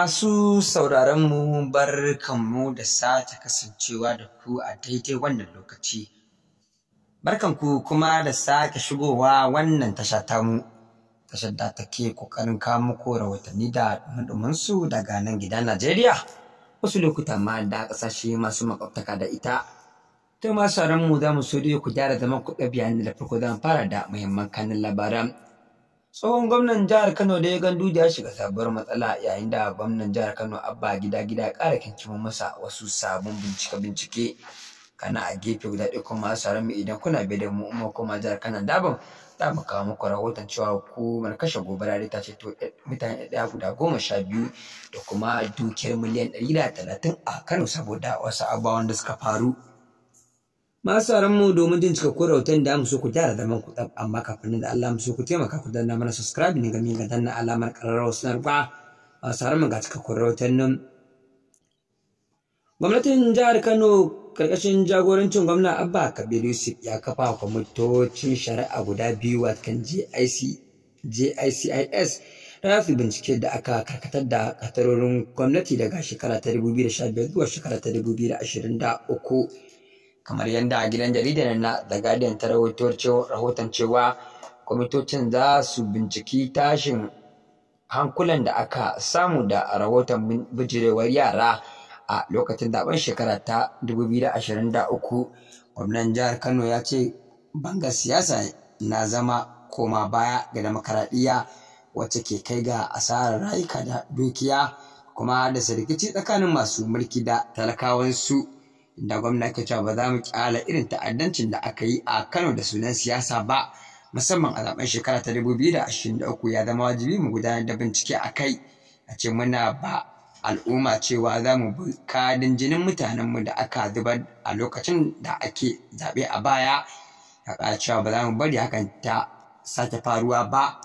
Masu sauraronmu bar kanmu da sake kasancewa da ku a daidai wannan lokaci. Barkanku kuma da sake shigowa wannan tasha tamu, tashar da take ƙoƙarin kawo muku rahotanni da su daga nan gida Najeriya, wasu lokuta ma da ƙasashe masu makwabtaka da ita. To masu mu za mu so ku gyara zaman ku ɗabi'a da farko zan fara da muhimman kanin labaran. tsohon gwamnan jihar kano da ya gandu ya shiga sabuwar matsala yayin da gwamnan jihar kano abba gida gida ya ƙara kinkimo masa wasu sabon bincike bincike kana a gefe guda ɗaya kuma sauran mu idan kuna bai da mu umma kuma jihar kano daban za mu kawo muku rahoton cewa hukumar kashe gobara ta ceto mutane ɗaya guda goma sha biyu da kuma dukiyar miliyan ɗari da talatin a kano saboda wasu abubuwan da suka faru masu mu domin jin cikakkun rahoton da amsu ku gyara zaman ku tsab amma kafin da Allah musu ku taimaka ku danna mana subscribe ne gami ga danna alamar ƙararrawar sanarwa masu mu ga cikakkun rahoton nan gwamnatin jihar Kano karkashin jagorancin gwamna Abba Kabir Yusuf ya kafa kwamitocin shari'a guda biyu watakan JIC JICIS ta fi bincike da aka karkatar da katarorin gwamnati daga shekara ta 2015 zuwa shekara ta 2023 kamar yadda a gidan jaridar na The Guardian ta rahoton cewa kwamitocin za su binciki tashin hankulan da aka samu da rahoton bijirewar yara a lokacin zaben shekara ta 2023 gwamnan jihar kano ya ce bangar siyasa na zama koma baya ga demokaradiyya wacce ke kai ga asarar rayuka da dukiya kuma da rikici tsakanin masu mulki da talakawansu. da gwamna ke cewa ba za mu kyala irin ta'addancin da aka yi a Kano da sunan siyasa ba musamman a zaben shekara ta 2023 ya zama wajibi mu gudanar da bincike a kai a ce muna ba al'umma cewa za mu bi kadin jinin mutanenmu da aka zubar a lokacin da ake zaɓe a baya ya ƙara cewa ba za mu bari hakan ta sake faruwa ba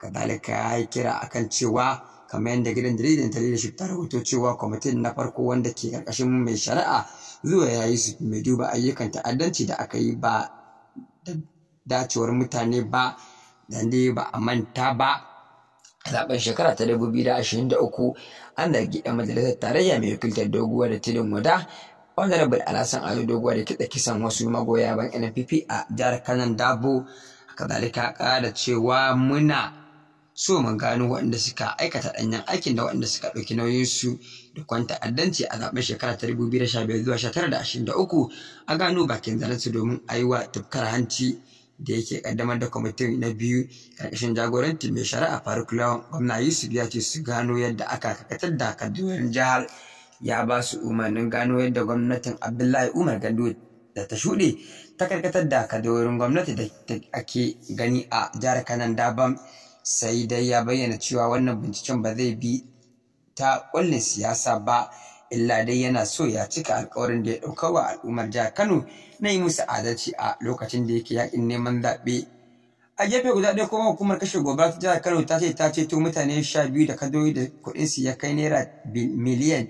kadalika ya yi kira akan cewa kamar yadda gidan dalilin ta leadership ta rahoto cewa kwamitin na farko wanda ke karkashin mai shari'a zuwa ya yi su mai duba ayyukan ta'addanci da aka yi ba da dacewar mutane ba da ne ba a manta ba zaben shekara ta 2023 an da yan majalisar tarayya mai wakiltar doguwa da tilin wada honorable alasan ado doguwa da kiɗa kisan wasu magoya ban npp a jihar kanan dabo kazalika ƙara cewa muna so mu gano waɗanda suka aikata ɗanyen aikin da waɗanda suka ɗauki nauyinsu da kwanta addanci a zaɓen shekara ta dubu biyu da sha biyar zuwa sha tara da ashirin da uku a gano bakin zanensu domin a yi wa tufkar hanci da yake ƙaddamar da kwamitin na biyu Ƙarƙashin jagoranci mai shari'a faruk lawan gwamna yusuf ya ce su gano yadda aka kakatar da kadunan jihar ya ba su umarnin gano yadda gwamnatin abdullahi umar gado da ta shuɗe ta karkatar da kadorin gwamnati da ake gani a jihar kanan daban sai dai ya bayyana cewa wannan binciken ba zai bi ta kullin siyasa ba illa dai yana so ya cika alkawarin da ya ɗauka wa al'ummar jihar Kano na yi musu adalci a lokacin da yake yakin neman zaɓe. A gefe guda ɗaya kuma hukumar kashe gobara ta jihar Kano ta ce ta ceto mutane sha biyu da kadoyi da kuɗin su ya kai naira miliyan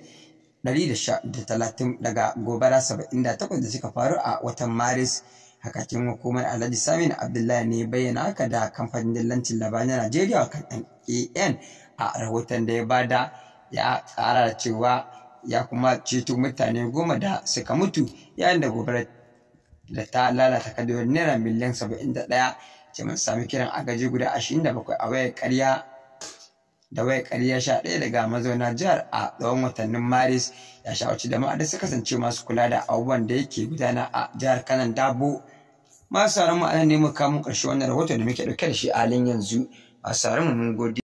ɗari da talatin daga gobara saba'in da takwas da suka faru a watan Maris. hakakin hukumar alhaji samin abdullahi ne bayyana haka da kamfanin dillancin labarai na najeriya kan an a rahoton da ya bada ya tsara cewa ya kuma ceto mutane goma da suka mutu yayin da gobarar da ta lalata kadiyar naira miliyan saba'in da ɗaya ce mun sami kiran agaji guda ashirin da bakwai a wayar karya da wayar karya sha ɗaya daga mazauna jihar a tsawon watannin maris ya shawarci da su kasance masu kula da abubuwan da yake gudana a jihar kanan dabo masu sauran mu ne muka kawo ƙarshe wannan rahoton da muke ɗauke da shi a halin yanzu masu mu mun gode